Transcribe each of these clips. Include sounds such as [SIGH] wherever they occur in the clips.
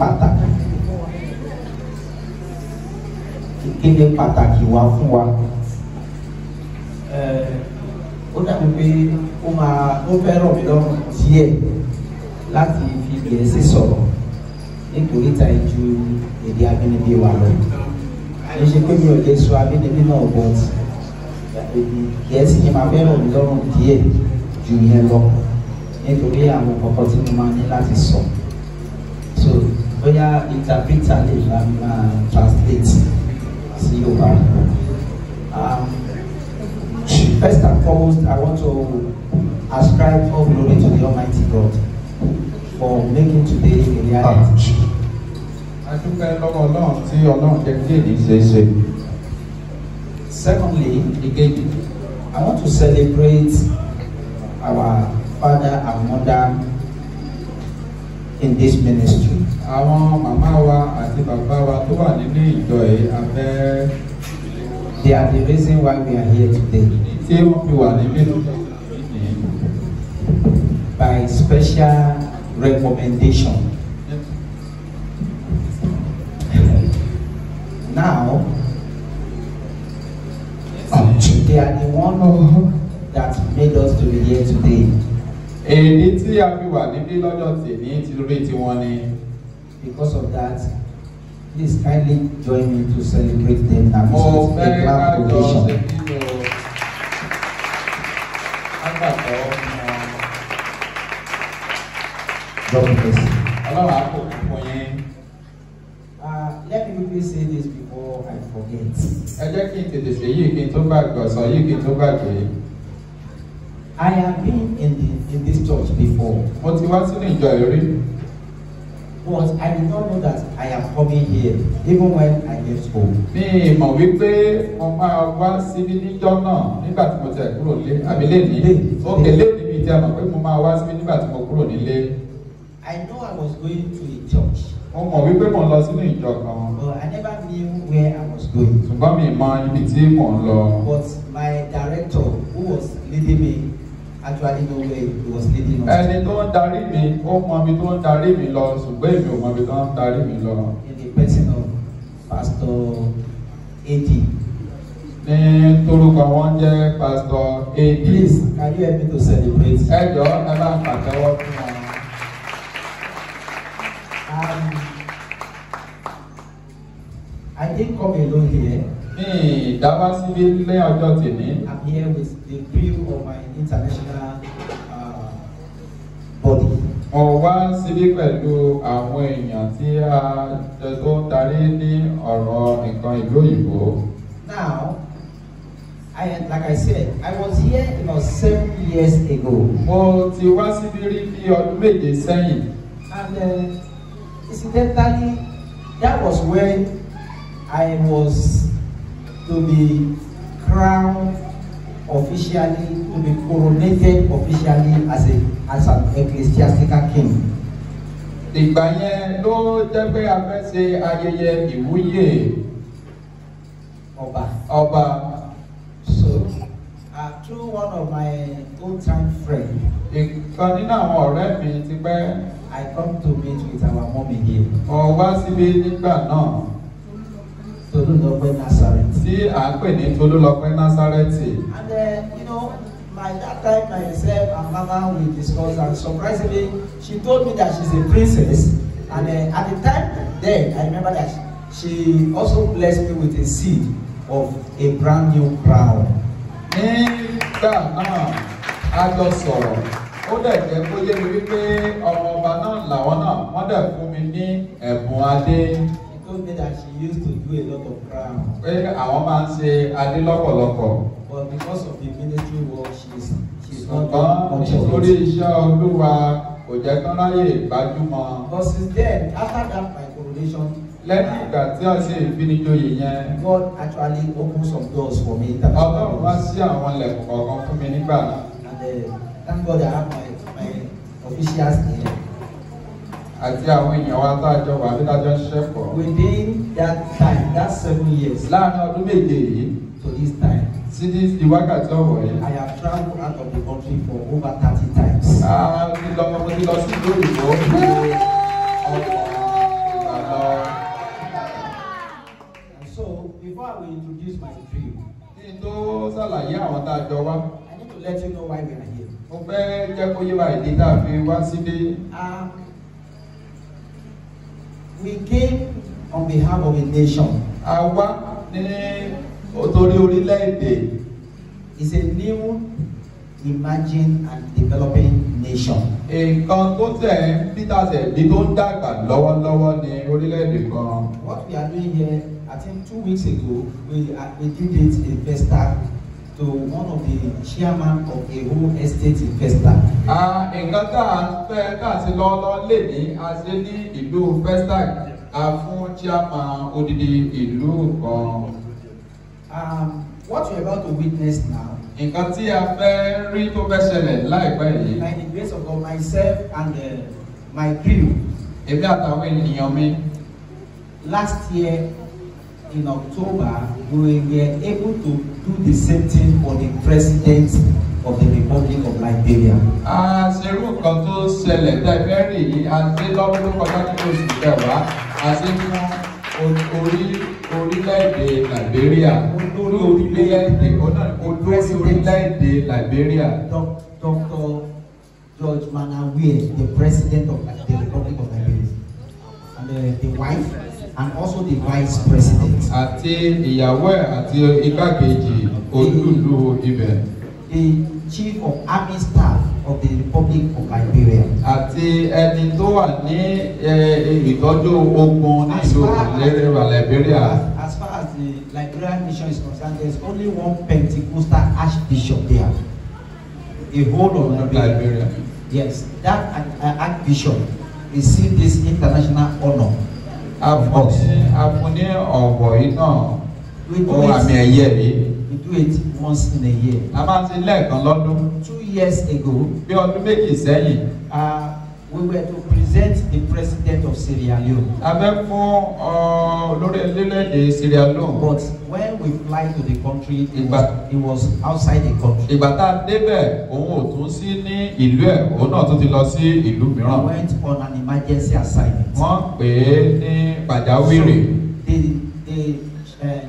pàtàkì kíkéde pàtàkì wa fún wa ó dàbí pé ó máa ó fẹ́ rọ̀ mí lọ́rùn díẹ̀ láti fi gẹ̀ẹ́sì sọ̀rọ̀ nítorí ta ju èdè abínibí wa lọ ẹ ṣe pé mi ò lè sọ abínibí náà but gẹ̀ẹ́sì yẹn máa fẹ́ rọ̀ mí lọ́rùn díẹ̀ ju yẹn lọ nítorí àwọn kọ̀ọ̀kan tí mo máa ní láti sọ bóyá interpreter lè bá mi máa translate sí yorùbá. Um, first and foremost, I want to ascribe all glory to the Almighty God for making today a reality. Ah, a dúpẹ́ lọ́wọ́ Ọlọ́run tí Ọlọ́run jẹ́ kí èyí ṣe é Secondly, again, I want to celebrate our father and mother in this ministry. Àwọn màmá wa àti bàbá wa tó wà nínú ìjọ yìí a They are the reason why we are here today. Ṣé wọ́n fi wà níbí? By special recommendation. Now, they are the one that made us to be here today èdè tí a fi wà níbí lọ́jọ́ tèmi ti rí tiwọn ni. because of that please kindly join me to celebrate them na for a grand occasion. God bless you. Ọlọ́run á kò fún uh, Let me quickly say this before I forget. Ẹ jẹ́ kí n tètè ṣe yìí kí n tó gbàgbọ́ sọ yìí kí n tó gbàgbé. I have been in the wá sínú ìjọ ìrí. But I did not know that I am coming here even when I left home. Mi mọ̀ wípé mo máa wá síbí níjọ́ náà nígbà tí mo tẹ̀ kúrò lé àbí lẹ́ni. Òkè lẹ́ni mi jẹ́ àmọ̀ pé mo máa wá síbí nígbà tí mo kúrò nílé. I know I was going to a church. Mo mọ̀ wípé mo lọ sínú ìjọ kan. But I never knew where I was going. Ṣùgbọ́n mi mọ ibi tí mò ń lọ. But my director who was leading me actually know where he was leading us. ẹni tó ń darí mi ó mọ ibi tó ń darí mi lọ ṣùgbọ́n èmi ò mọ ibi tó ń darí mi lọ. in the person of pastor ad. ní torúkọ wọn jẹ́ pastor Eddie. please can you help me to celebrate. ẹ jọ ẹ bá pàtẹ́wọ́ fún wa. Um, I didn't come alone here ní ìdáwà síbí ní ọjọ́ tèmi. I'm here with the view of my international uh, body. mo wá síbí pẹ̀lú àwọn èèyàn tí a jọ darí ní ọ̀rọ̀ nǹkan ìlú òyìnbó. Now, I, like I said, I was here about seven years ago. Mo ti wá síbí rí bí ọdún méje sẹ́yìn. And uh, incidentally, that was when I was to be crowned officially, to be coronated officially as, a, as an ecclesiastical king. Ìgbà yẹn ló jẹ́ pé a fẹ́ ṣe ayẹyẹ ìwúyè ọba. ọba. So, uh, through one of my old-time friends. Ìkan nínú àwọn ọ̀rẹ́ mi ti pẹ́. I come to meet with our mommy here. Mo wá síbí nígbà náà. Tolúlọpẹ́ Nazareth. Tí à ń pè ní Tolúlọpẹ́ Nazareth. And then, you know, by that time myself and mama we discuss, and surprisingly she told me that she's a princess and uh, at the time then I remember that she also blessed me with a seed of a brand new crown. Nígbà náà, a jọ sọ̀rọ̀, ó dẹ̀ jẹ́ kó yé mi wípé ọmọ ọba náà làwọn náà wọ́n dẹ̀ fún mi ní ẹ̀bùn adé told me that she used to do a lot of crowd. pé àwọn máa ń ṣe adé lọ́pọ̀lọpọ̀. but because of the ministry work she is she is not doing much of it. nítorí iṣẹ́ olúwa kò jẹ́ kán ráyè gbajúmọ̀. but since then after that my coronation. lẹ́yìn ìgbà tí a ṣe ìfinijoyè yẹn. God actually opened some doors for me. ọlọ́run wá sí àwọn ilẹ̀kùn kọ̀ọ̀kan fún mi nígbà náà. and uh, thank God I have my my officials here àti àwọn èèyàn wa tá a wà bí tájọ ń ṣiṣẹ́ within that time that seven years. láàárín ọdún méje yìí. to this time. sí ní di wákàtí ọ̀wọ̀ yìí. I have traveled out of the country for over thirty times. ah mo ti lọ mo ti lọ sí ìlú òyìnbó. so before I will introduce my dream. kí n tó ṣàlàyé àwọn tá a jọ wá. I need to let you know why we are here. mo fẹ́ jẹ́ kó yé wa ìdí tá a fi wá síbí. ah we came on behalf of a nation. a wá ní torí orílẹ̀-èdè. is a new emerging and developing nation. nǹkan tó tẹ̀ ń peter ṣẹ̀bí tó ń dàgbà lọ́wọ́lọ́wọ́ ní orílẹ̀-èdè kan. what we are doing here I think two weeks ago we, uh, we did it a first time to one of the chairman of a whole estate investor. nǹkan tá à ń fẹ́ tá à ti lọ́ọ́lọ́ lè ní a ṣe ní ìlú festac a chairman odidi ìlú kan. Um, what you are about to witness now. nǹkan tí a fẹ́ rí tó fẹ́ ṣẹlẹ̀ láìpẹ́ yìí. by the grace of God myself and uh, my crew. èmi àtàwọn ènìyàn mi. last year in October, we were able to do the same thing for the president of the Republic of Liberia. A ṣe irú nǹkan tó ṣẹlẹ̀ tẹ́fẹ́ rè yìí, a ṣe lọ́dún tó kọjá nínú oṣù kẹwàá, a ṣe fún orí orílẹ̀-èdè Liberia. Olórí orílẹ̀-èdè olórí orílẹ̀ Liberia. Dr. George Manawier, the president of the Republic of Liberia, and uh, the wife and also the vice president. àti ìyàwó àti igbákejì olúlu ibẹ̀. the chief of army staff of the republic of liberia. àti ẹni tó wà ní ìtọ́jú ogun nílùú liberia. as far as the liberian mission is concerned there is only one pentecostal archbishop there the whole of liberia. liberia. yes that uh, archbishop received this international honor a fún ní ọ̀wọ̀ yìí náà ó àmì ẹ̀yẹ rí. we do it once in a year. a máa ti lẹ́ẹ̀kan lọ́dún. two years ago. bí ọdún méjì sẹ́yìn. Uh, we were to present the president of Sierra Leone. a fẹ́ fún uh, olórí orílẹ̀-èdè Sierra Leone. but when we fly to the country it was it was outside the country. ìgbà tá a débẹ̀ òun ò tún sí ní ìlú ẹ̀ òun náà tún ti lọ sí ìlú mìíràn. we went on an emergency assignment. wọ́n pè é ní pàjáwìrì. the the uh,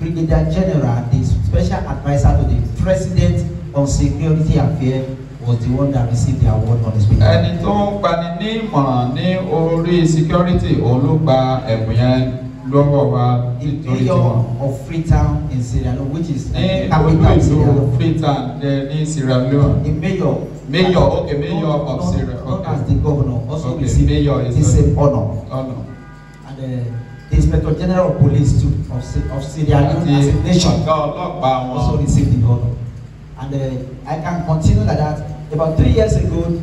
brigadier general the special adviser to the president on security affairs was the one that received the award on his behalf. ẹni tó ń gbani ní ìmọ̀ràn ní orí security òun ló gba ẹ̀bùn yẹn lọ́wọ́ wa nítorí tiwọn. of Freetown in Sierra Leone which is eh, capital of Sierra Leone. Freetown eh, ní Sierra Leone. the mayor. mayor okay mayor of no, Sierra okay. as the governor also okay, receive mayor is same honour. honour. and uh, the inspector general of police too of, of Sierra Leone as a nation also receive the honor. and uh, I can continue like that about three years ago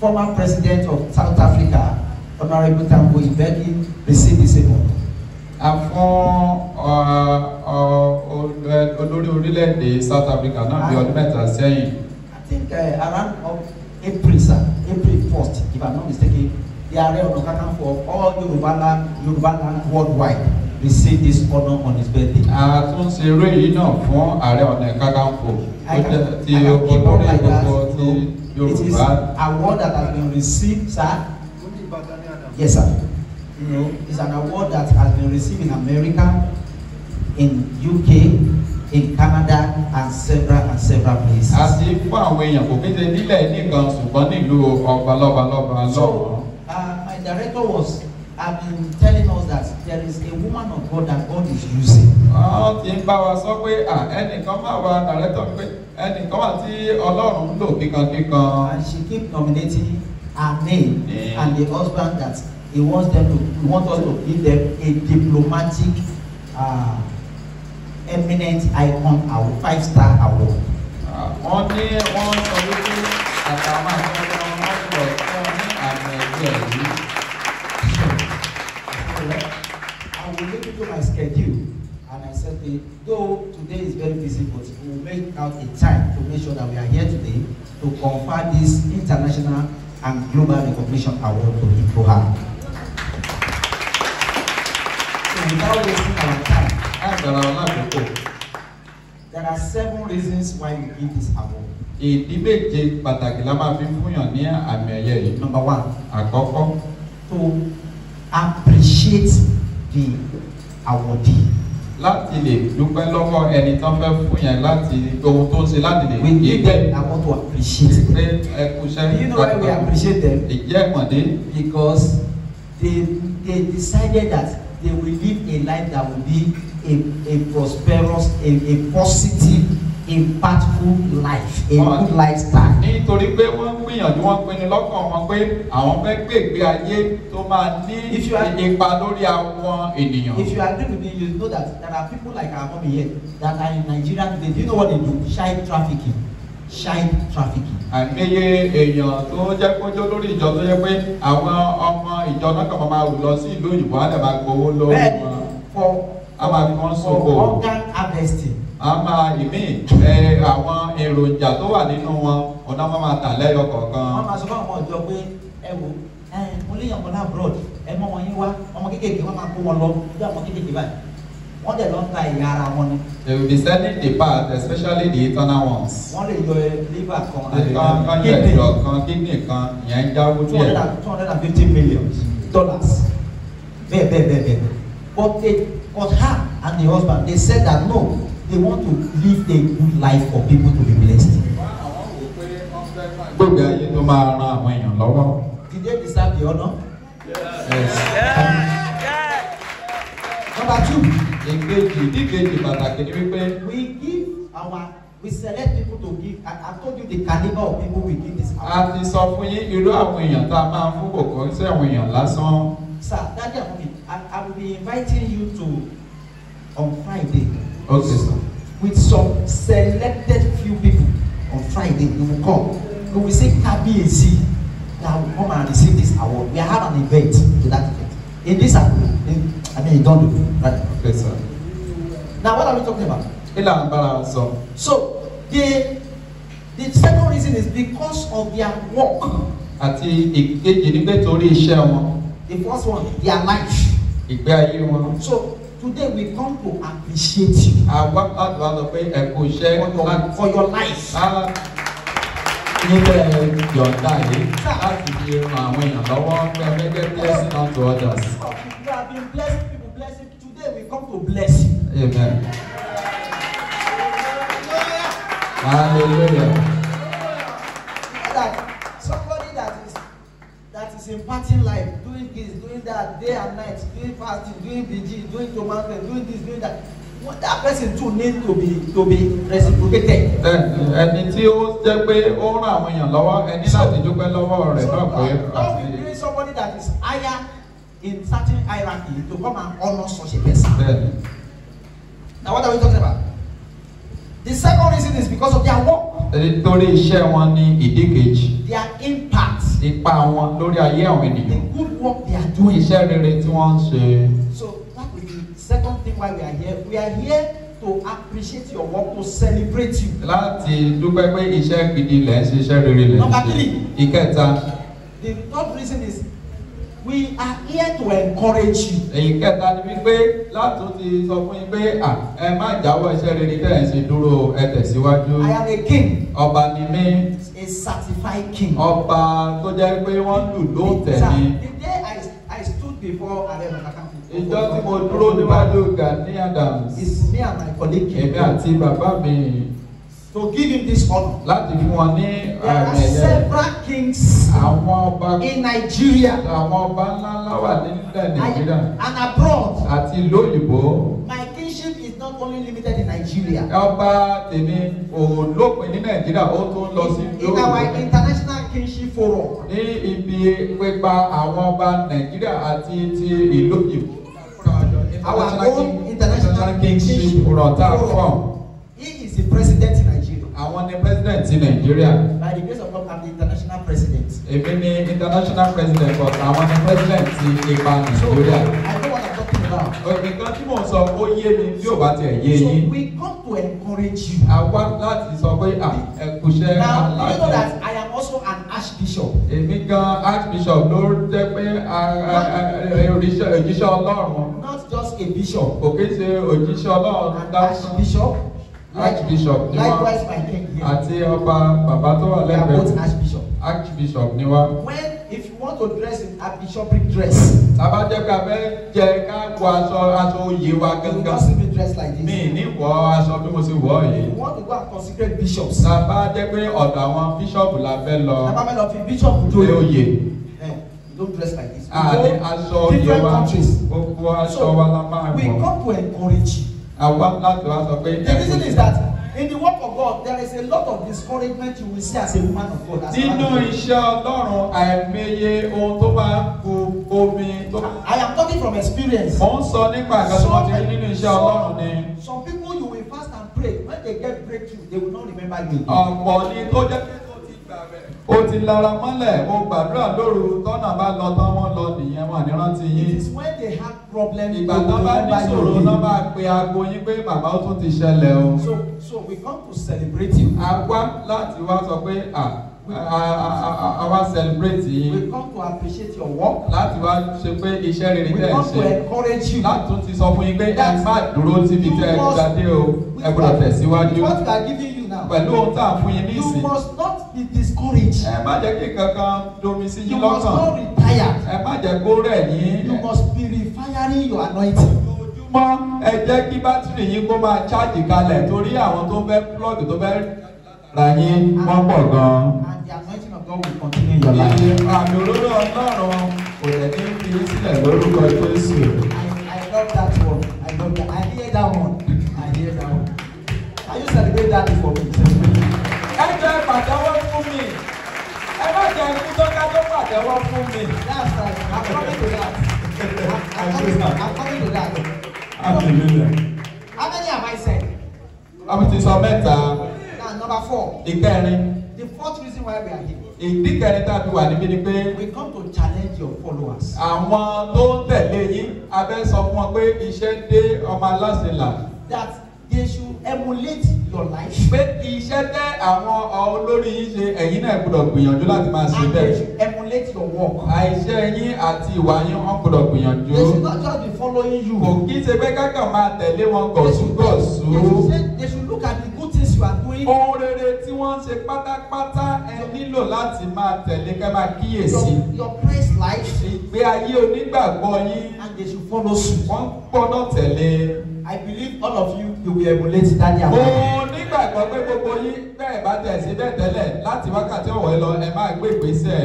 former president of South Africa Honourable Tambo Mbeki received the same honor a fún uh, uh, olórí orílẹ̀-èdè south africa náà bí ọdún mẹ́ta sẹ́yìn. i think uh, around april sir april first if i'm not mistaken the ààrẹ ọ̀nà kakanfò of all yorùbá land yorùbá land worldwide receive this honour on his birthday. a tún ṣe eré yìí náà fún ààrẹ ọ̀nà kakanfò tó jẹ́ ti olórí gbogbo ti yorùbá. it is award that has been received sir. yes sir you know, is an award that has been received in America, in UK, in Canada and several and several places. As if a ti fún àwọn èèyàn kò kéde nílẹ̀ nìkan ṣùgbọ́n nílùú ọba lọ́ba lọ́ba lọ́wọ́. so uh, my director was have uh, been telling us that there is a woman of God that God is using. Oh, ti power bá wa sọ pé ẹnìkan director any come wà tí ọlọ́run ń lò kíkankíkan. and she keep nominating her name and the husband that He wants them to, he wants us to give them a diplomatic uh, eminent icon award, five star award. Wọ́n ní wọ́n sọ wípé àtàwọn àtọ́jọ́ wọn lọ fún àmì ẹ̀jẹ̀ yìí. I will make look into my schedule and I said, though today is very busy, but we will make out a time to make sure that we are here today to confer this international and global recognition award to him to her. There are seven reasons why we give this award. Ìdí méje pàtàkì la máa fi fúnyàn ní àmì ẹ̀yẹ yìí. Number one. Àkọ́kọ́. To appreciate the awardee. Láti lè dúpẹ́ lọ́wọ́ ẹni tán fẹ́ fún láti ohun tó ń ṣe láti lè. We give them I want to appreciate. Ṣé ẹ kú sẹ́yìn? You know why we appreciate them? Ìjẹ́ ìpàdé. Because they they decided that they will live a life that will be a a prosperous a a positive impactful life a good lifestyle. nítorí pé wọ́n gbìyànjú wọ́n pinnu lọ́kàn wọn pé àwọn fẹ́ gbé ìgbé ayé tó máa ní ipa lórí àwọn ènìyàn. if you agree with me you know that there are people like our mummy here that are in Nigeria today do you know what they do child trafficking child trafficking. àìníye èèyàn tó jẹ́ pé lórí ìjọ tó jẹ́ pé àwọn ọmọ ìjọ náà kàn máa rù lọ sí ìlú òyìnbó á lè máa gbowó lọ́wọ́ wọn. for for for organ harvesting. a ìmí ẹ àwọn èròjà tó wà nínú wọn ọ̀nà máa tà lẹ́yọ kọ̀ọ̀kan. wọ́n máa sọ fún àwọn ọ̀dọ́ pé ẹ wo mo léyìn ọmọ láàbùrọ̀d ẹ mọ wọn yín wá ọmọ kéékèèké wọn máa kó wọn lọ bí àwọn kéékèèké báyìí wọ́n dẹ̀ lọ ta ìyá ara wọn ni. they will be sending the part especially the internal ones. wọ́n lè yọ liver kan àti kidney kan kidney kan ìyẹn ń jáwó díẹ̀. two hundred and fifty million dollars bẹ́ẹ̀ bẹ́ẹ̀ bẹ́ẹ̀ bẹ́ẹ̀ but they but her and the husband they said that no they want to live a good life for people to be blessed. gbogbo ayé tó máa ran àwọn èèyàn lọ́wọ́. did they deserve the honour. yes. yes. yes. yes. number two ìkejì ìdíkejì pàtàkì ni wípé. we give our we select people to give and I told you the caliber of people we give this house. a ti sọ fún yín irú àwọn èèyàn tá a máa fún kò kọ́ àwọn èèyàn lásán. sir daddy amobi I, I will be inviting you to on Friday. okay sir. with some selected few people on Friday you will come you will say kábíyèsí that will come and receive this award we have an event to that effect in this award. I mean, you don't do it, right? Yes, sir. Now, what are we talking about? Ìlànà bára So, the the second reason is because of their work. Àti ìkejì nígbẹ́ torí iṣẹ́ wọn. The first one, their life. Ìgbé ayé wọn. So today we come to appreciate you. Àwa àdùn àlọ́ pé ẹ̀kọ́ iṣẹ́. For your for your life. Ah nílẹ̀ yọ̀ǹda yìí láti fi ran àwọn èèyàn lọ́wọ́ pé ẹgbẹ́ blessing unto others. You have been blessing people blessing today we come to bless Amen. Hallelujah. somebody that is that is imparting life, doing this, doing that, day and night, doing fasting, doing BG, doing commandment, doing this, doing that. What that person too need to be to be reciprocated. Ẹni tí ó jẹ́ pé ó ń ràn àwọn èèyàn lọ́wọ́ ẹni láti dúpẹ́ lọ́wọ́ rẹ̀ náà pé. Don't be doing somebody that is higher in certain hierarchy to come and honour such a person. Bẹ́ẹ̀ni. Now what are we talking about? The second reason is because of their work. Nítorí iṣẹ́ wọn ní ìdí kejì. Their impact. Ipa wọn lórí ayé àwọn ènìyàn. The good work they are doing. Iṣẹ́ rere tí wọ́n ń ṣe. So Second thing why we are here, we are here to appreciate your work, to celebrate you. Láti dúpẹ́ pé iṣẹ́ gidi lẹ̀ ń ṣiṣẹ́ rere lẹ̀ ń ṣe. Ìkẹta. The third reason is we are here to encourage you. Èyí kẹta ni wípé látò ti sọ fún yín pé ẹ má jáwọ́ iṣẹ́ rere tẹ̀ ẹ̀ ṣe dúró ẹ tẹ̀síwájú. I am a king. Ọba ni mí. A certified king. Ọba tó jẹ́ pé wọ́n lù ló tẹ̀ mí. The day I, I stood before Ààrẹ Bàbá ìjọ tí mo dúró níwájú Gani Adams. it's me and my colleague. èmi àti bàbá mi. to give him this honour. láti fún wọn ní àmì ẹ̀yẹ. there are eh, several kings. àwọn ọba. in Nigeria. àwọn ọba ńláńlá wà nílẹ̀ Nàìjíríà. and abroad. àti ìlú òyìnbó. my kingship is not only limited in Nigeria. ọba tèmi ò ní Nàìjíríà ó tún lọ sí ìlú òyìnbó. in our international kingship forum. ní ibi pípa àwọn ọba Nàìjíríà àti ti ìlú òyìnbó our own international kingship rọta form. he is the president in Nigeria. àwọn ni president ti Nigeria. by the grace of God I am the international president. èmi ni international president but àwọn ni president ti ipa Nigeria. so I know what I am talking about. nǹkan tí mò ń sọ ó yé mi bí ò bá tiẹ̀ yé yín. so we come to encourage you. àwa láti sọ pé ẹ kò ṣe àlàyé. now you know that I am also an archbishop. èmi gan archbishop ló jẹ́ pé òjíṣẹ́ ọlọ́run. not just a bishop. kò kí ṣe òjíṣẹ́ ọlọ́run dáhùn. archbishop. archbishop ni wá. likewise my king. àti ọba bàbá tó wà lẹ́gbẹ̀ẹ́. they are both archbishop. archbishop ni wá. when want to dress in a bishopric dress. Tàbá jẹ́ ká fẹ́ jẹ ká wọ aṣọ aṣọ oyè wa gangan. You must be dressed like this. Mi ní wọ aṣọ bí mo ṣe wọ yìí. You want to go and consecrate bishops. Tàbá jẹ́ pé ọ̀dọ̀ àwọn bíṣọ̀pù la fẹ́ lọ. Tàbá fẹ́ lọ fi bíṣọ̀pù jó oyè. Eh, you don't dress like this. Àní aṣọ oyè wa gbogbo aṣọ wa la máa wọ. So we come to encourage you. Àwa láti wá sọ pé. The reason is that. In the work of God, there is a lot of discouragement you will see as a woman of God. Nínú iṣẹ́ Ọlọ́run, àìmọye ohun tó bá bu omi I am talking from experience. Mo ń sọ nípa ìgbà tí mo ti rí nínú iṣẹ́ Ọlọ́run ni. Some people you will fast and pray when they get breakthrough they will not remember you. Ọ̀pọ̀ ni tó jẹ́ ó ti lara mọ́lẹ̀ mo gbàdúrà lóru tọ́nà bá lọ tán wọ́n lọ nìyẹn wọn ní rántí yín. it is when they have problems. ìgbà tán bá ní ṣòro náà máa pe aago yín pé bàbá ó tún ti ṣẹlẹ̀ o. so so we come to celebrate you. a wá láti wá sọ pé à a wá celebrate yín. we come to appreciate your work. láti wá ṣe pé iṣẹ́ rere tẹ̀ ṣe. we come to encourage you. láti tún ti sọ fún yín pé ẹ má dúró síbi tẹ́ ẹ jáde o ẹ gbọ́dọ̀ tẹ̀síwájú. because we are giving you pẹ̀lú ohun tá a fún yín ní ìsìn. you must not be discouraged. ẹ má jẹ́ kí kankan domi sí yín lọ́kàn. you must not retire. ẹ má jẹ́ kó rẹ̀ yín. you must be refiring your anointing. lójúmọ́ ẹ jẹ́ kí bátìrì yín kó máa ṣáàjì kalẹ̀ torí àwọn tó fẹ́ plọ́ọ̀gì tó fẹ́ ra yín wọ́n pọ̀ gan-an. and anointing àmì olóró ọlọ́run kò lè ní fi sílẹ̀ lórúkọ Jésù. I love that one. I love that. I hear that one. Can you celebrate that day for me? Ẹ jẹ́ pàtẹ́wọ́ fún mi. Ẹ má jẹ́ ikú tó ká tó pàtẹ́wọ́ fún mi. That's right. According to that. I'm coming to that. Hallelujah. How many have I said? I'm ti sọ mẹ́ta. Now number four. The Ìkẹrin. The fourth reason why we are here ìdí kẹrin tá wà níbí ni pé. we come to challenge your followers. àwọn tó ń tẹ̀lé yín abẹ́ sọ fún wọn pé iṣẹ́ dé ọmọ aláṣẹlà. that they should emulate your life. pé iṣẹ́ tẹ́ àwọn olórí yín ṣe ẹ̀yin náà gbọ́dọ̀ gbìyànjú láti máa ṣe bẹ́ẹ̀. and they should emulate your work. àìṣe yín àti ìwà yín wọ́n gbọ́dọ̀ gbìyànjú. they should not just be following you. kò kí ṣe pé kákan máa tẹ̀lé wọn gọ̀ọ́sù gọ̀ọ́sù. they should look at ohun rere tí wọ́n ń ṣe pátápátá ẹ nílò láti máa tẹ̀lé ká máa kíyèsí. your praise life. ìgbé ayé onígbàgbọ́ yín. and they should follow suit. wọ́n gbọ́dọ̀ tẹ̀lé. I believe all of you you will emulate that day. mo nígbàgbọ́ pé gbogbo yín bẹ́ẹ̀ bá tẹ̀ sí bẹ́ẹ̀ tẹ́lẹ̀ láti wákàtí ọ̀wọ́ ẹ lọ ẹ máa gbé ìgbésẹ̀.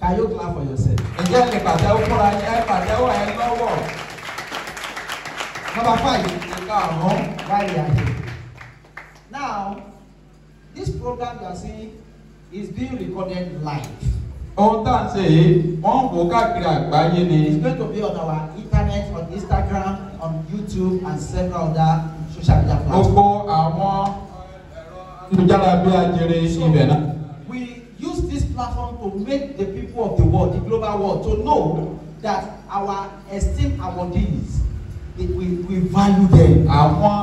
Can you clap for yourself? ǹjẹ́ lè pàtẹ́wọ́ fúnra yín ẹ pàtẹ́wọ́ ẹ lọ́wọ́. number five. ìka ọ̀hún. wáyé àjẹ́ now, this program you are seeing is being recorded live. Ohun tá à ń ṣe yìí, wọ́n ń wò káàkiri àgbáyé ni. It's going to be on our internet, on Instagram, on YouTube and several other social media platforms. Gbogbo àwọn ìjára bí ajere ibẹ̀ náà. We use this platform to make the people of the world, the global world, to know that our esteemed awardees we we value them. àwọn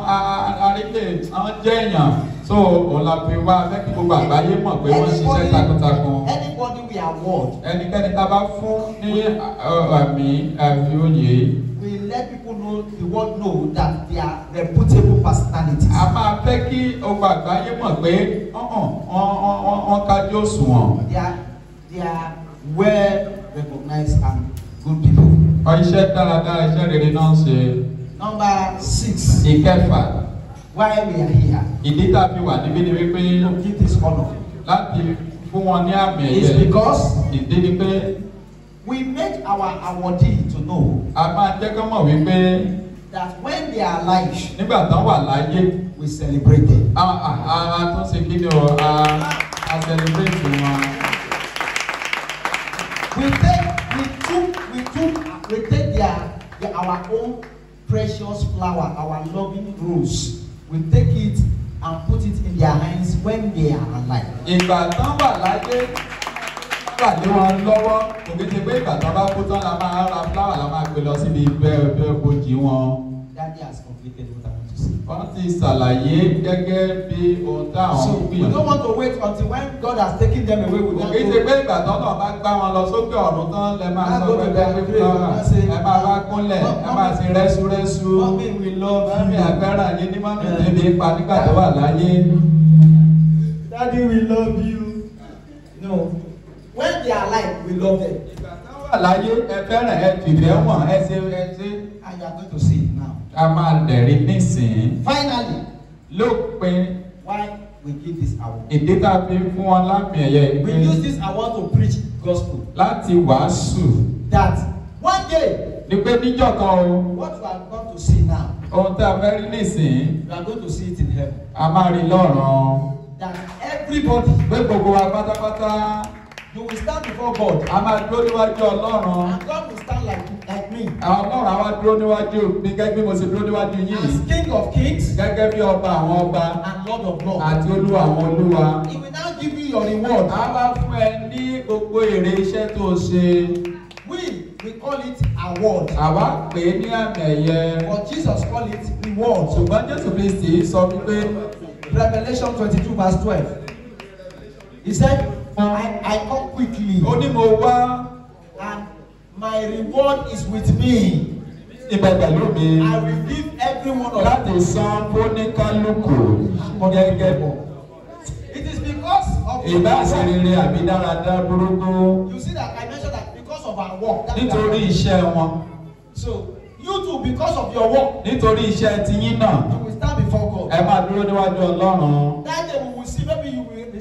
arílẹ̀ àwọn jẹ́ èèyàn so ọ̀làpẹ̀ wa gbogbo àgbáyé mọ̀ pé wọ́n ṣiṣẹ́ takuntakun. anybody we award. ẹnikẹ́ni tá a bá fún ní àmì àfi oyè. we let people know the world know that they are reputable personalities. a máa fẹ́ kí gbogbo àgbáyé mọ̀ pé wọ́n kájú òṣùwọ̀n. they are they are well recognized and good people iṣẹ́ dáradára iṣẹ́ rere náà ń ṣe. number six. ìkẹfà. why we are here. ìdí tá a fi wà níbí ni wípé. to give this honour. láti fún wọn ní àmì ẹ̀yẹ. is because. ìdí ni pé. we make our awardee to know. a máa jẹ́ kán mọ̀ wípé. that when they are alive. nígbà tán wà láyé. we celebrate them. a a a tún ṣe kí ni o a a celebrate wọn. precious flower, our loving rose. We take it and put it in their hands when they are alive. Ìgbà tán wà láyé wà ní wọn lọ́wọ́ kò kí pé ìgbà tán bá kú tán la máa ra flower la máa gbé lọ síbi bẹ́ẹ̀ bẹ́ẹ̀ bójì wọn. Daddy has completed work ṣàlàyé gẹ́gẹ́ bí ohun táwọn ń gbìyànjú. so we don't want to wait until when God has taken them away with them. kì í ṣe pé ìgbà tọ́nà bá gbá wọn lọ sókè ọ̀run tán lẹ máa sọ pé bẹ́ẹ̀ fi lọ́rọ̀ ẹ máa wá kúnlẹ̀ ẹ máa ṣe rẹ́súrẹ́sú mọ́mí àgbára yín ní mọ́mí débi ipa nígbà tó wà láyé. Daddy we love you. no when they are alive we love them. ìgbà táwọn àlàyé ẹ fẹ́ràn ẹ fìfẹ́ wọn ẹ ṣe ẹ ṣe. I am going to see a máa dẹ̀rí nísìnyí. finally. lópin. why we give this award. ìdí tá a fi fún wọn lámì ẹ̀yẹ we use this award to preach gospel. láti wàásù. that one day. ni pé níjọ́ kan o. what we are going to see now. ohun tá a fẹ́ rí nísìnyí. we are going to see it in heaven. a máa rí lọ́rùn. that everybody. pé gbogbo wa pátápátá. You will stand before God. A máa dúró níwájú Ọlọ́run. And God will stand like, like me. Ọlọ́run àwa dúró níwájú mi gẹ́gẹ́ bí mo ṣe dúró níwájú yìí. As king of kings. Gẹ́gẹ́ bí ọba àwọn ọba. And lord of lords. Àti olúwa àwọn olúwa. He will now give you your reward. A wá fún ẹ ní gbogbo èrè iṣẹ́ tó o ṣe. We we call it award. Àwa pè é ní àmì But Jesus call it reward. Ṣùgbọ́n Jésù Kristi sọ wípé. Revelation twenty-two verse twelve. He said. I, I come quickly. Only ní mo And my reward is with me. I will give everyone of Láti san fóníkálukú It is because of. You see that I mentioned that because of our work. Nítorí iṣẹ́ wọn. So you too because of your work. Nítorí iṣẹ́ You will stand before God. That day we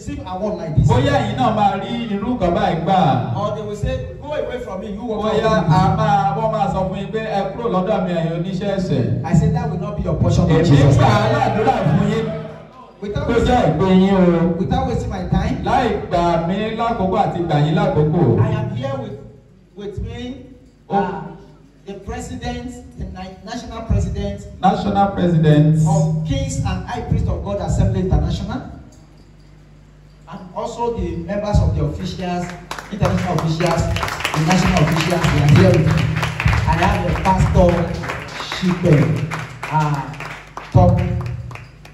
receive award like this. bóyá yìí náà máa rí irú nǹkan báyìí gbà. or they will say go away from me you work hard. bóyá a máa wọ́n máa sọ fún yín pé ẹ kúrò lọ́dọ̀ mi ẹ̀yin oníṣẹ́ ẹ̀ṣẹ̀. I said that will not be your portion of Jesus. èmi gbà á fún yín. without jẹ́ ìpè yín o. without wasting my time. láì gbà mí lákòókò àti gbà yín lákòókò. I am here with with me. Oh. Uh, oh. the president, the national president, national president of Kings and High Priest of God Assembly International and also the members of the officials, international officials, the national officials, they are here with me. I have the pastor, Shipe, uh, Tom,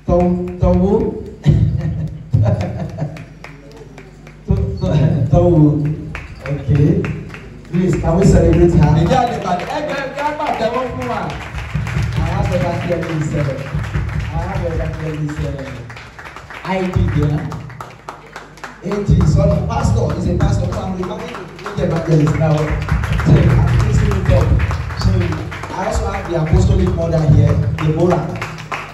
Tom, Tom, [LAUGHS] Tom, okay. Please, can we celebrate her? Ǹjẹ́ àdìbàdì ẹgbẹ́ ẹgbẹ́ àpàtẹ́wọ́ fún wa? Àwọn àgbẹ̀dá kí ẹ ní ìṣẹ̀lẹ̀. Àwọn àgbẹ̀dá kí ẹ ní ìṣẹ̀lẹ̀. ID there. It is on the pastor. He's a pastor. So I'm remembering the evangelist now. So I also have the apostolic mother here, Deborah.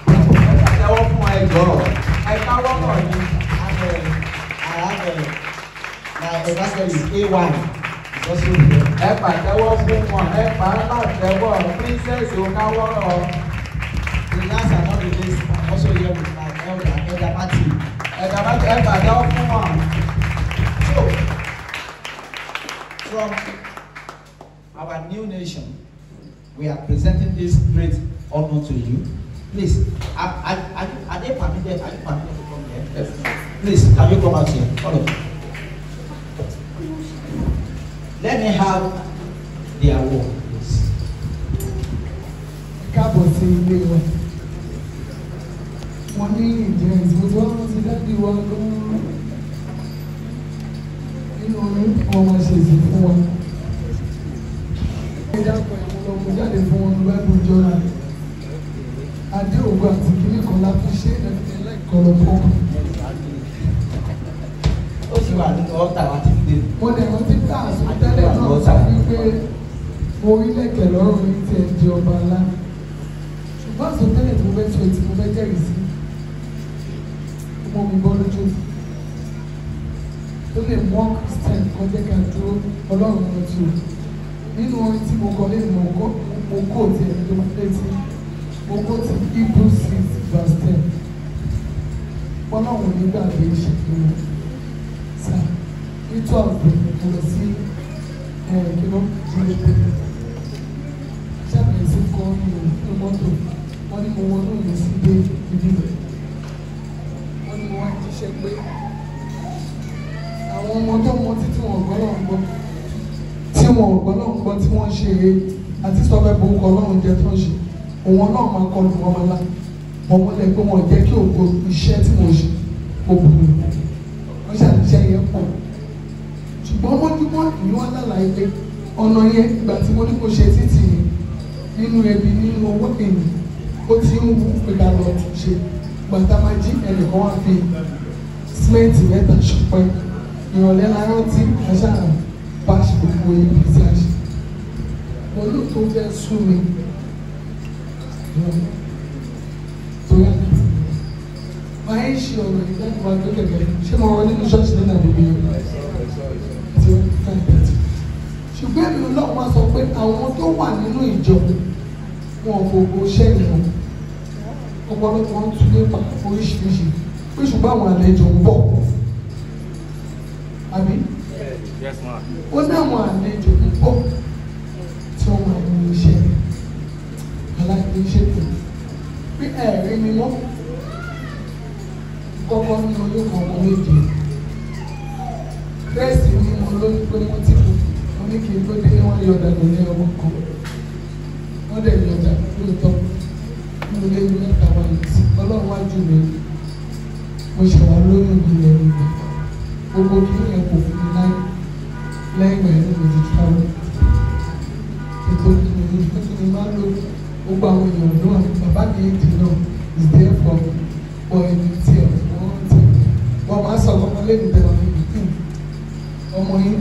I work for my God. I can work on I have a, I have a, my evangelist A1. Ẹ pàtẹ́wọ́ fún wọn, ẹ pàápàá tẹ́wọ́, princess Okáwọ́rọ̀. The last and not the least, I'm also here with my elder, elder party ẹ̀dàbà ẹ̀bàdà ọ̀fun wọn. So from our new nation, we are presenting this great honor to you. Please, are, are, are, you, are they permitted? Are you permitted to come here? Yes. Please, can you come out here? All of you. Let me have the award, please. Káàbọ̀ sí ilé wọn wọ́n ní ìjẹun tí wọ́n wọ́n You dábì wa gan-an nínú oyún wọ́n máa ṣe èsì fún wa. ẹ dákọ̀ ìmúlọ́mú jáde fún wọn lọ́wọ́ ẹ̀bùn You adéògùn àti kínní kan la fi ṣe ẹlẹ́kọ̀ọ́ fún. ó sì wà nínú ọ̀tà wa ti dé. mo dẹ̀ wọ́n ti ká àṣọ tẹ́lẹ̀ náà sọ wípé orílẹ̀-èdè lọ́rùn ní tiẹ̀ di ọba ńlá ṣùgbọ́n àṣọ tẹ́lẹ̀ tó fẹ́ sọ ètò mo fẹ́ jẹ́rìí sí i mọ́ mi bọ́ lójú tó lè mọ́ Christian kan jẹ́ ká dúró ọlọ́run lọ́tù nínú orin tí mo kọ lẹ́nu mo kó ti ẹ̀mí tó máa létí mo kó ti Hebrew six verse ten ọlọ́run nígbà tó ń ṣètò sá ní twelve mo lọ sí ẹ̀ẹ́dínlọ́ ìdílé pẹ̀lú sábẹ̀ sí kọ́ ní mọ́tò wọ́n ní mo wọnú mi sí dé ibi rẹ̀ ṣe pé àwọn ọmọ tó mọ títí wọn gbọ́ náà ń gbọ́ tí wọn ò gbọ́ náà ń gbọ́ tí wọ́n ṣe àti sọ́fẹ́ burúkọ ọlọ́run jẹ tó ń ṣe òun ọlọ́run máa kọlu wọn máa lá wọn mọ́lẹ̀ pé wọn jẹ́ kí ògo iṣẹ́ tí mo ṣe kó burú wọ́n ṣàtúnṣe yẹn pọ̀ ṣùgbọ́n mọ́júmọ́ ìlú wọn lálàyé pé ọ̀nà yẹn ìgbà tí mo ní kó ṣe títì yẹn nínú ẹbí nínú owó ènìyàn ó ti ń wú pé ṣe gbàtà ẹnìkan wá fi símẹ́ǹtì mẹ́ta ṣọpẹ́ ìrọ̀lẹ́ la rántí ẹ̀ṣá bá ṣe gbogbo ibi tí a ṣe mo ní tó fẹ́ sún mi tó yá máa ń ṣe ọ̀rọ̀ ìdájọ́ wa tó kẹ̀kẹ́ ṣé mo rọ nínú ṣọ́ọ̀ṣì nínú àdébí tí ó fẹ́ tẹ̀tì ṣùgbọ́n ẹ̀mí náà wá sọ pé àwọn tó wà nínú ìjọ wọn kò gbó ṣẹ́yìn wọn ọ̀pọ̀lọpọ̀ ń tún nípa oríṣiríṣi pé ṣùgbọ́n àwọn àlejò ń bọ̀ àbí ó ní àwọn àlejò ń bọ̀ tí wọ́n máa ní iṣẹ́ aláìníṣẹ́ tó pé ẹ̀rí ni wọ́n kọ́kọ́ ní olóko ọmọ méje bẹ́ẹ̀sì ni mo lórí pé mo ti kú mo ní kí n tó dé wọ́n yọ ọ̀dà lórí ọmọ kan wọ́n dẹ̀ yọ ọ̀dà lóòótọ́ mo lé ní mẹ́ta wáyé sí ọlọ́run wájú mi mo ṣe wà lóyún ìbílẹ̀ yorùbá gbogbo kí ni ẹ̀kọ́ fún mi láì lẹ́yìn ìgbà yẹn mo ti travel ètò ìròyìn fún kí ni máa ń lo gbogbo àwọn èèyàn ló wà ní bàbá mi èdè náà is there for for ẹni tí ẹ wọ́n ti wọ́n máa sọ ọmọ lẹ́nu bẹ̀rẹ̀ ọmọ ìbí ọmọ yín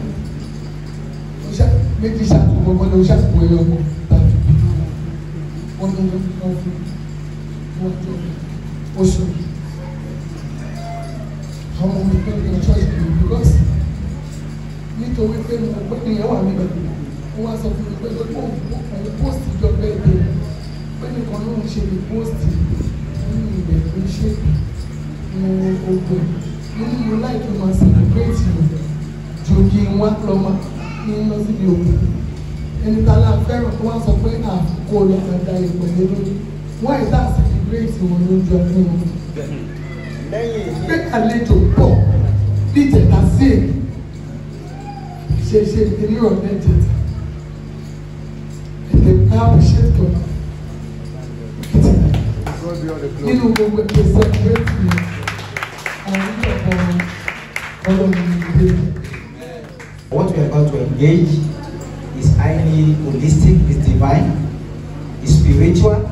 méjì ṣàkóso ọmọ lọ́wọ́ ṣàkóso ẹ̀yọ́ ọmọ. lọ mà ní lọ síbi òkú ẹni tá a lá fẹ́ràn tó wá sọ pé àkókò lọ kàdá ìpèlè lórí wọ́n ìta àsìkò gírèsì wọn lójú ọdún wọn. pé àlejò pọ̀ bí ìjẹta sí èyí ṣe ṣe ìdílé ọ̀nà ìjẹta ètè bá a ṣe tó nínú gbogbo ẹgbẹ́ sẹ́kúrẹ́tì ọ̀hún ọ̀hún ọlọ́run ìdílé. What we are about to engage is highly holistic, is divine, is spiritual,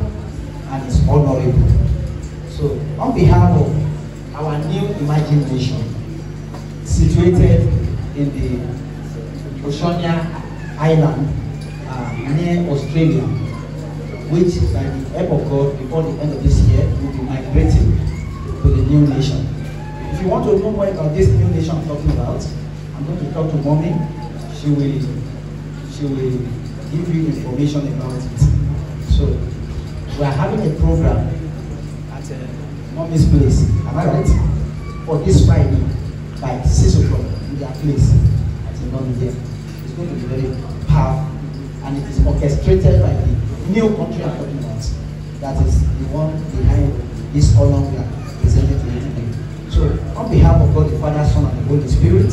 and is honorable. So, on behalf of our new imagination, situated in the Oceania Island uh, near Australia, which, by the help of God, before the end of this year, will be migrating to the new nation. If you want to know more about this new nation I'm talking about, I'm going to talk to mommy. She will, she will give you information about it. So we are having a program at uh, mommy's place. Am I right? For this Friday by six o'clock in their place at the mommy there. It's going to be very powerful, and it is orchestrated by the new country i That is the one behind this honor we are presenting to you today. So, on behalf of God the Father, Son, and the Holy Spirit.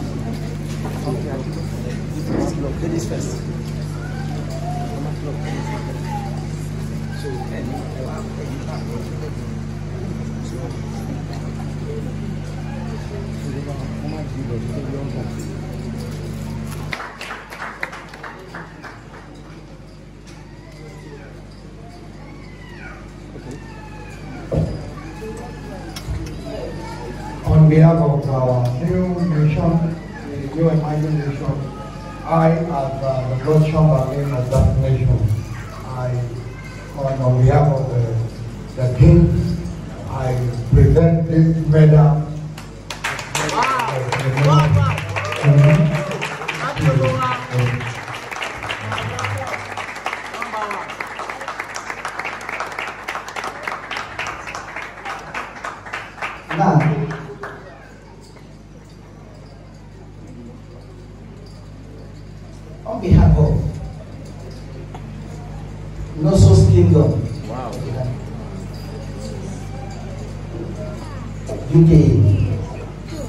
On behalf of our new nation, the UN Nation, I 啊，能够吃饱没？Gnosos Kingdom. Wow. UK.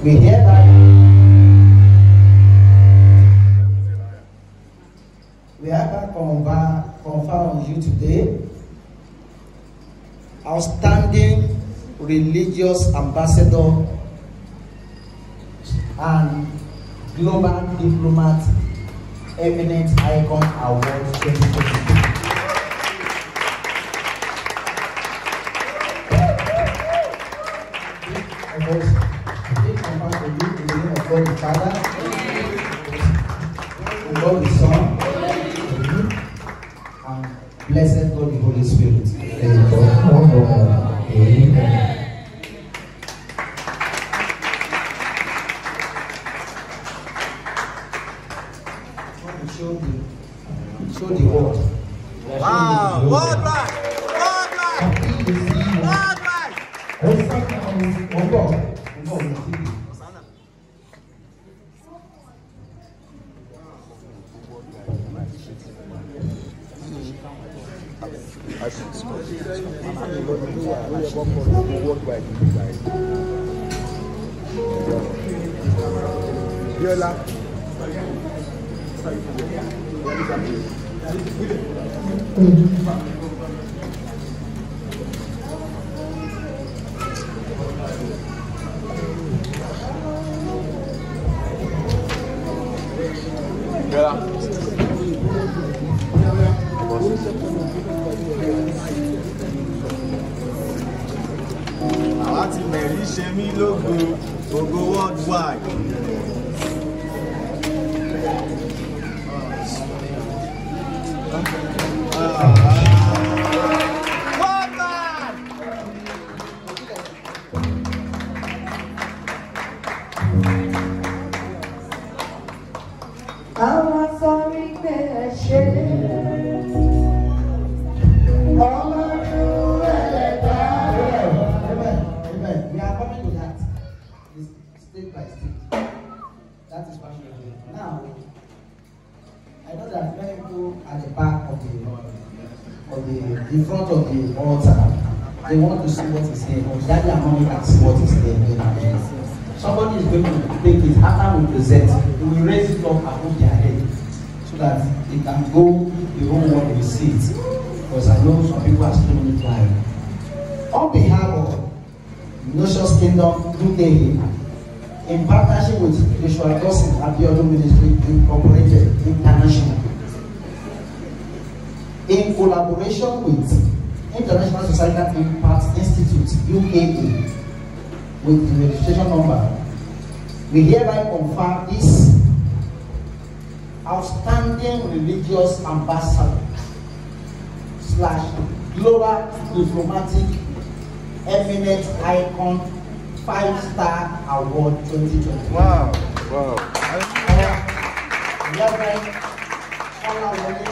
We hear that. we hereby confer confer on you today outstanding religious ambassador and global diplomat eminent icon award 2022. Yes. I pastor you the name and blessed God àwa ti mẹ̀rí ṣe mí lógo ògo worldwide. in collaboration with International Societal Impact Institute, UKE, with the registration number, we hereby confirm this outstanding religious ambassador slash global diplomatic eminent icon five star award 2020. Wow, wow. Reverend Olawale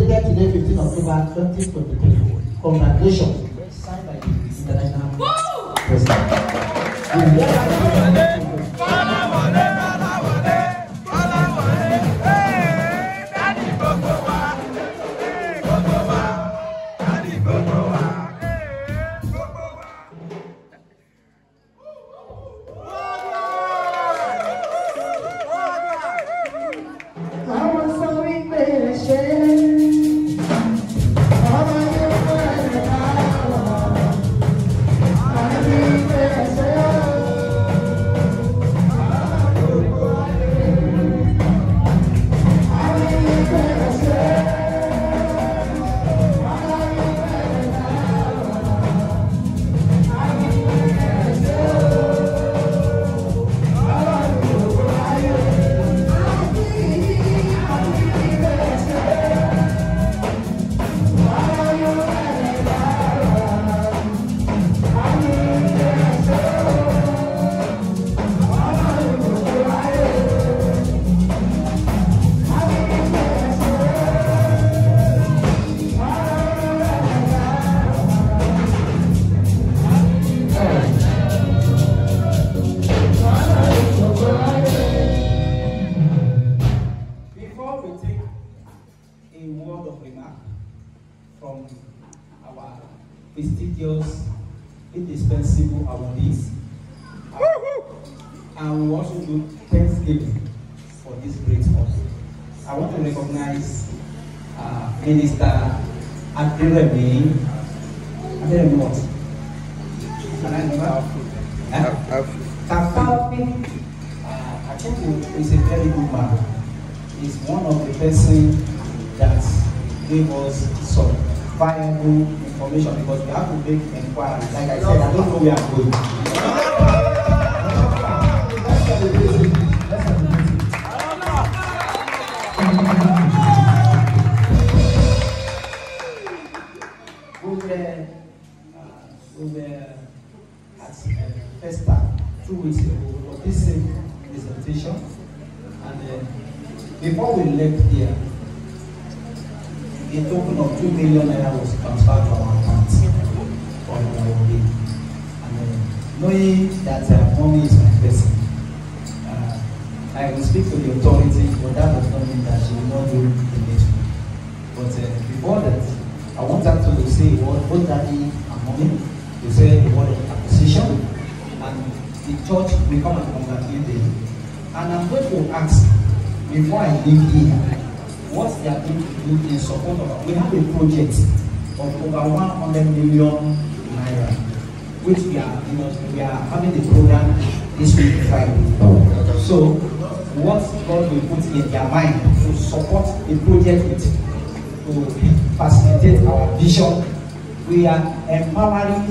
dated today, 15 October 2023. Congratulations. Signed by the International President. think is a very good man. He's one of the person that gave us some viable information because we have to make inquiries. Like I said, I don't know where I'm going. Let's have a visit. before we live here? are here, what they are going to do in support of our, we have a project of over 100 million naira, which we are, you know, we are having the program this week Friday. So, what God will put in their mind to support the project with, to facilitate our vision, we are empowering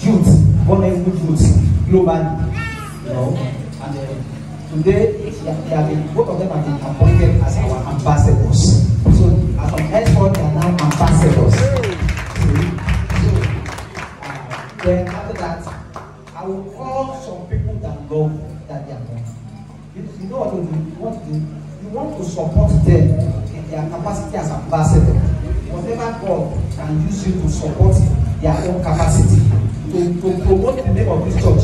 youth, vulnerable youth globally, you know, and uh, Today, they have been, both of them have been appointed as our ambassadors. So, as from henceforth, they are now ambassadors. So, uh, then after that, I will call some people that love that they are born. You, you know what to do? You want to do? You want to support them in their capacity as ambassador. Whatever God can use you to support their own capacity to, to promote the name of this church.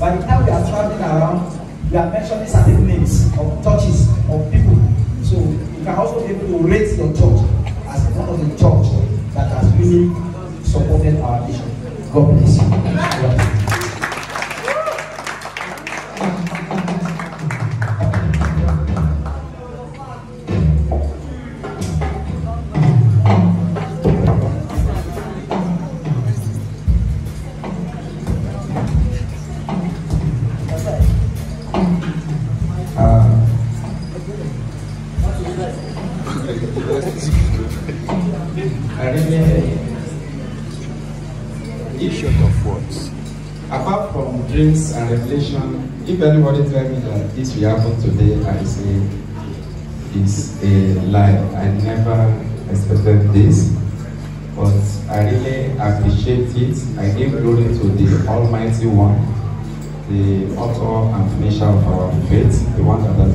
By the time we are traveling around, you are mentioning certain names of churches of people. So you can also be able to rate your church as one of the church that has really supported our vision. God bless.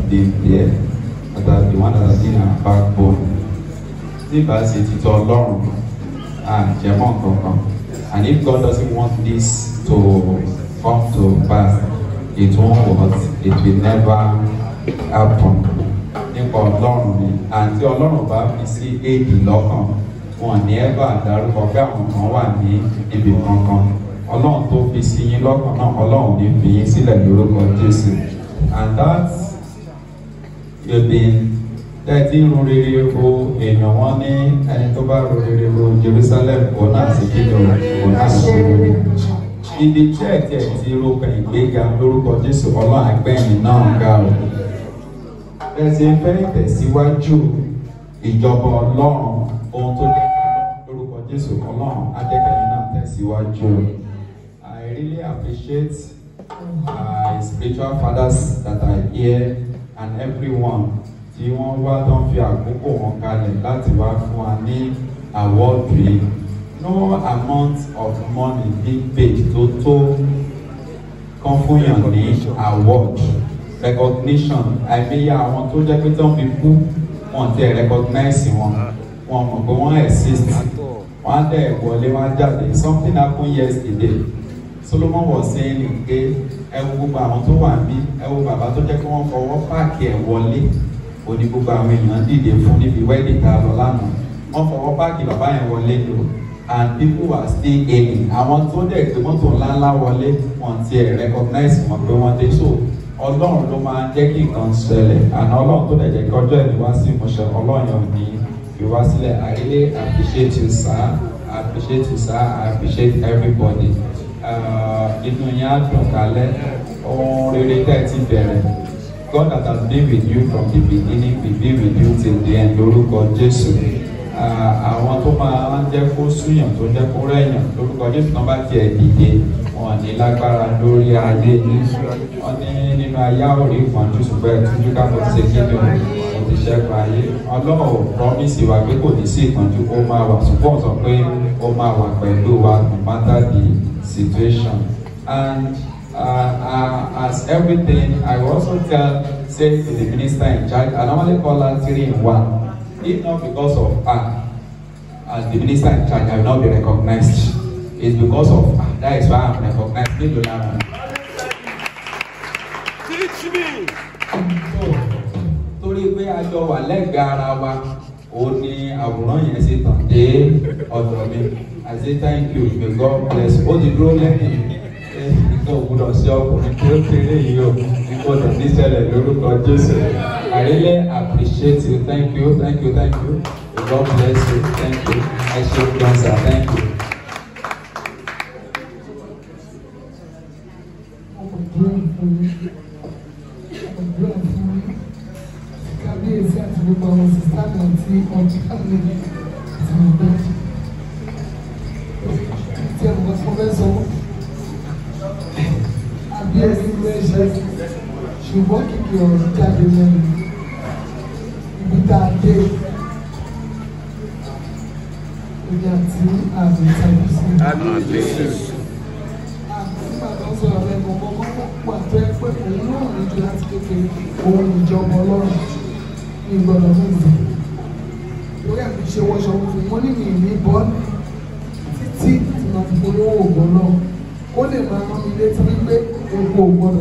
laid there that the one that has been our backbone nígbà tí títọ́ ọlọ́run àjẹmọ́ kankan and if God doesn't want this to come to pass it won't work it will never happen nípa ọlọ́run ni àti ọlọ́run bá fi sí èdè lọ́kàn wọn ní ẹ bá dárúkọ pé àwọn kan wà ní ibi kankan ọlọ́run tó fi sí yín lọ́kàn náà ọlọ́run ní fi yín sílẹ̀ lórúkọ Jésù and that's yòdìn tẹ́tí ru rere ro èèyàn wọn ní ẹni tó bá ru rere ro Jerusalem òun náà sì kíjọ òun náà sì rere ibi tí ẹ̀ tí ẹ̀ ti ro kan ìgbéga lórúkọ Jésù ọlọ́run àgbẹ̀yìn náà ga o tẹ́tí fẹ́ ìtẹ̀síwájú ìjọba ọlọ́run ohun tó dé lórúkọ Jésù ọlọ́run ajẹ́kẹ̀yìn náà tẹ̀síwájú I really appreciate uh, spiritual fathers that are here and everyone tí wọ́n wá tán fi àkókò wọn kalẹ̀ láti wá fún wa ní award yìí no amount of money ní paid tó tó kan fún yàn ní award recognition àìmọye àwọn tó jẹ́ pé tán fi kú wọn ti recognize wọn wọn mọ̀ pé wọ́n exist wọ́n á dẹ̀ wọlé wọ́n á jáde something happen yesterday Solomon was saying in okay, ẹ wo gbogbo àwọn tó wà níbí ẹ wo bàbá tó jẹ́ kí wọ́n fọwọ́ páàkì ẹ̀ wọlé òní gbogbo àwọn èèyàn dìde fún níbi wẹ́ẹ̀dì tá a lọ lánàá wọ́n fọwọ́ páàkì bàbá yẹn wọlé lò and people were still aiming àwọn tó dẹ̀ gbé mọ́tò ńláńlá wọlé wọ́n ti ẹ̀ recognize wọn pé wọ́n dé so ọlọ́run ló máa ń jẹ́ kí nǹkan ṣẹlẹ̀ àná ọlọ́run tó dẹ̀ jẹ́ kí ọjọ́ ẹ̀mí wá sí ìmúṣẹ ọlọ́run ní ìwá sílẹ̀ I appreciate you sir appreciate you sir I appreciate everybody inú yẹn á dùn kálẹ̀ ohun rere tẹ́ ẹ ti bẹ̀rẹ̀ God that has been with you from the beginning will be with you till the end lórúkọ Jésù àwọn tó máa ń jẹ́ kó súyàn tó jẹ́ kó rẹ̀yàn lórúkọ Jésù kan bá tiẹ̀ dìde wọn ní lágbára lórí adé wọn ní nínú ayé àwòrán ìfọ̀njú ṣùgbọ́n ìtújú káfọ́ ṣe kéde òun ti ṣẹ́gun ayé ọlọ́run promise wa pé kò ní sí ìpọ́njú kó máa wà ṣùgbọ́n sọ pé ó máa wà pẹ̀lú wa no matter the situation. And uh, uh, as everything, I also tell, say to the minister in charge, I normally call her three in one. If not because of her, as the minister in charge, I will not be recognized. It's because of her. That is why I'm recognized. Me to Teach me. So, torí wà lẹ́gbẹ̀ẹ́ ara wa, òun ni àwòrán yẹn ṣe tàn dé ọ̀dọ̀ mi. I say thank you. May God bless you. Ó ti dúró lẹ́yìn iná òwúrọ̀ sí ọkùnrin tí ó kéré yìí o. Ìgbọ́dọ̀ níṣẹ̀lẹ̀ lórúkọ Jésù. I really appreciate you. Thank you. Thank you. Thank you. May God bless you. Thank you. I ṣe gbọ́nsà. Thank you. Kábíyèsí àti gbogbo àwọn sísá náà tí wọ́n jẹ́.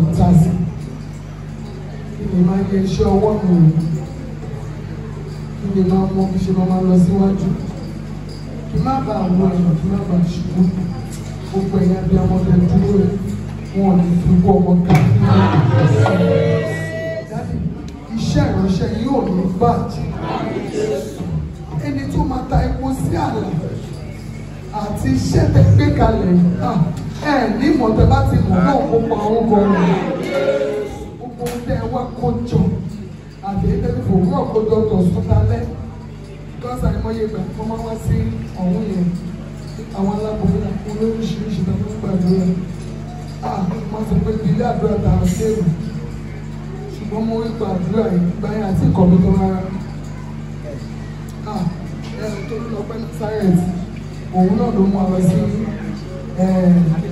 mi ta sí kí ni máa yẹ iṣẹ́ ọwọ́ mi rò kí ni máa mọ bí ṣe máa máa lọ síwájú kí má bàa wọ ẹ̀yàn kí má bàa ṣubú gbogbo ẹ̀yà bí ọmọdé dúró rẹ̀ wọn ò fi wọ ọmọ ká iṣẹ́ ìránṣẹ́ yóò ní bàjẹ́ ẹni tó máa ta epo sí àlà àti iṣẹ́ tẹ gbé kalẹ̀ yìí. Ah, ní ìmọ̀ tẹ bá ti mọ̀ náà kó pa òun gan ni gbogbo tẹ wá kó àti ẹgbẹ́ fò wọ́n kó jọ tọ̀ sọ́talẹ́ lọ́sàn án mọ́yé gbà kó máa wá sí ọ̀hún yẹn àwọn aláboyún àti olóríṣiríṣi náà ló ń gbàdúrà à wọ́n sọ pé ilé àdúrà tà á sẹ́wù ṣùgbọ́n mo rí gbàdúrà yìí gbáyà àti ìkọ̀mí tó rárá à lọ pẹ́ ní sáyẹ̀nsì òun náà ló mú àwọn sí ẹ̀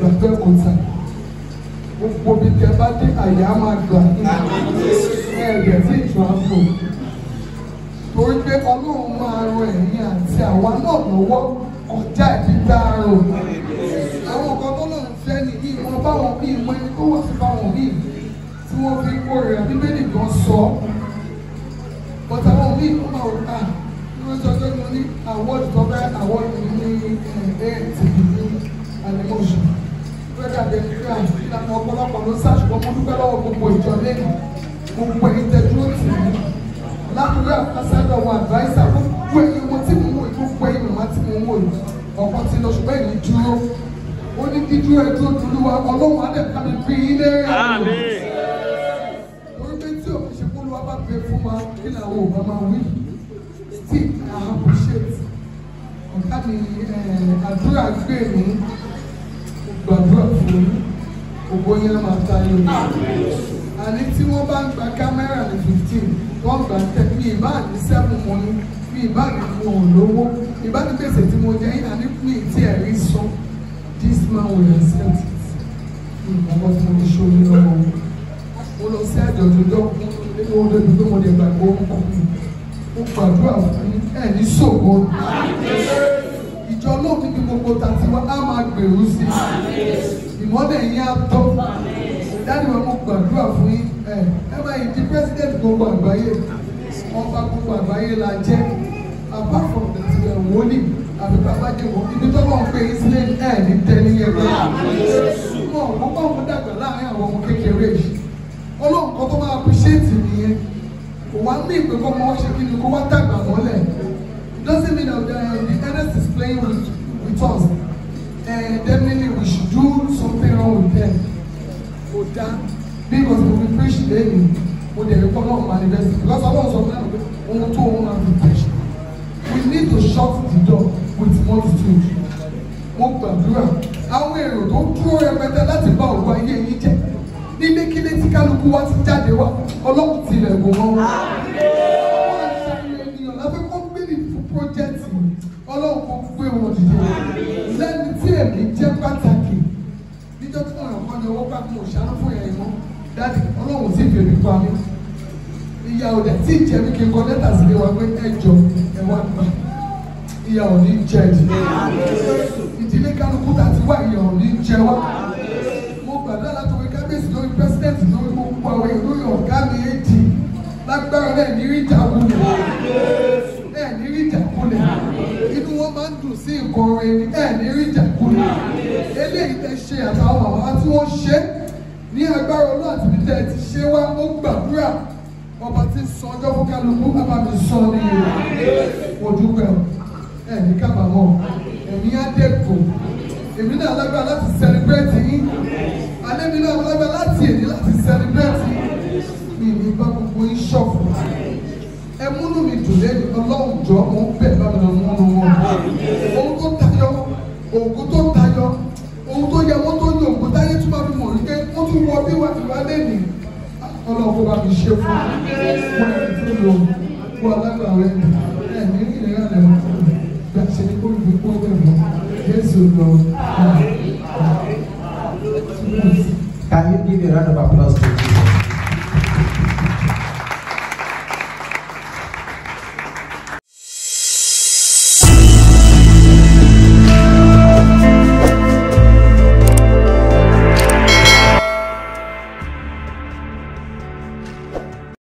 gbàgbé òòtà gbogbo bí tẹ bá dé àyà máa gbà ẹ̀rẹ̀ tí ìjọ àpò torí pé ọlọ́run máa ran ẹ̀yìn àti àwa náà lọ́wọ́ kọjá ìdígbà rò àwọn kan tó lọ́run fẹ́ nìyí wọn báwọn bí ìmọ̀ ẹni tó wà sí báwọn bí tí wọ́n fi kó rẹ̀ bíbélì gan sọ bọ́tà wọn bí wọ́n máa rò ká ní wọ́n sọ pé mo ní àwọ̀dù tó bẹ́ àwọ̀dù ní ẹ̀ẹ́dì ní animation federal democrat ìlànà ọ̀pọ̀lọpọ̀ ló ṣàṣùgbọ́n mo dúpẹ́ lọ́wọ́ gbogbo ìjọ lẹ́nu gbogbo ìtẹ̀dúró tì mí lákùnrin àpasádọ̀ wọn àdváísà gbogbo èyí wọn tí mo ń wò yìí gbogbo èyí màmá tí mo ń wò yìí ọ̀kan ti lọ ṣùgbọ́n èyí dúró ó ní dídú ẹjọ́ tolúwa ọlọ́run á dẹ̀ ká mi bí ilé rẹ̀ orí pé tí òfin ṣe kólúwa bá gbé fún wa kí làwọn ò bá máa wí tí àwọn kò ṣe ọ̀gá mi àdúrà gbé mi gbàdúrà fún yín ògbó yín ló máa ta yín àní tí wọ́n bá ń gba kámẹ́rà ní fifteen wọ́n gbà tẹ mi ìbá ní seven ní mi ìbá ní mo lówó ìbá ní tí mo jẹ yín àní mi tí ẹ̀ sọ this man will accept it ìmọ̀wọ́ tí mo ṣe orí lọ́wọ́ mo lọ sí àjọ̀dún dọ́kun nínú orí ibi mo lè gbàgbọ́ orúkọ mi mo gbàdúrà fún ẹ̀ ní ṣògo ìjọ náà níbi gbogbo tàtiwá á máa gbèrú sí i ìmọ́lẹ̀ yín á tọ́ dáàbò ẹ̀ mo gbàdúrà fún yín ẹ̀ ẹ máa yìí di president gbogbo àgbáyé ọba gbogbo àgbáyé la jẹ́ apart from the ti ẹ̀ wòlíì àbí bàbá jòwó ibi tó bá ń pè é sílé ẹ̀ ní tẹ́lẹ̀ yẹn bẹ́ẹ̀ mọ̀ wọ́n bá wọn dàgbà láàrin àwọn ọmọ kékeré yìí ọlọ́run kan tó máa appreciate nìyẹn kò wá ní ìpè doesn't mean that uh, the elders is playing with, with us. And uh, definitely we should do something wrong with them. For that, because when we preach them, when they come out manifest, because I want something on to one and preach. We need to shut the door with multitude. Wọ́n gbàdúrà àwọn èrò throw a rẹpẹtẹ That's about òkú ayé yín jẹ́ nílé kílé tí kálukú wa ti jáde wá ọlọ́run tilẹ̀ kò mọ́ wọn. ọlọ́run mo dìde lẹ́ni tí èmi jẹ́ pàtàkì níjọ́ tí mo ràn kọ́ ni owó bá mi ò ṣàánú fún ẹ̀yìn mọ́ dáàdì ọlọ́run sì bèrè pa mi ìyá ò dẹ̀ tí ì jẹ́ mi kí n kọ lẹ́tà sí wa pé ẹ jọ ẹ wá gbà ìyá ò ní jẹ ìdílé ìdílé kálukú tá a ti wá ìyá ò ní jẹ wá mo gbàdúrà láti wí kábíyèsí lórí pẹ́sidẹ̀ntì lórí gbogbo àwọn èèyàn lórí ọ̀gá mi èdè lágbára náà ní rí ìjà wù mí. sí nǹkan orin ẹ̀ ní rí jàkulẹ̀ eléyìí tẹ ṣe àtàwọn bàbá tí wọ́n ṣe ní agbára ọlọ́ àti bí tẹ́ ti ṣe wá ó gbàdúrà ọba tí ń sọ ọjọ́ fún kálukú bàbá mi sọ ní ojúgbẹ́ ẹ̀ ní kábàámọ̀ ẹ̀mí adẹ́kùn èmi náà lágbára láti sẹlẹ̀bírẹ́tì yín alẹ́ mi náà lágbára láti èdè láti sẹlẹ̀bírẹ́tì yín mi ní múnú mi dùn lẹ́nu ọlọ́run jọ mọ̀ ń bẹ̀ lọ́dọ̀ múnú wọn. ohun tó tayọ òògùn tó tayọ ohun tó yẹ wọ́n tó yọ òògùn táyé tó bá fi mọ̀ wípé wọ́n tún wọ bí wà ìwà lẹ́nu ọlọ́run bá mi ṣe fún wọn ẹni tó lọ fún alágbà rẹ ẹ̀mí ìrìnà rẹ wọn bí a ṣe ní kó lùdí kó bẹ̀ mọ́ Jésù lọ. Can you give a round of applause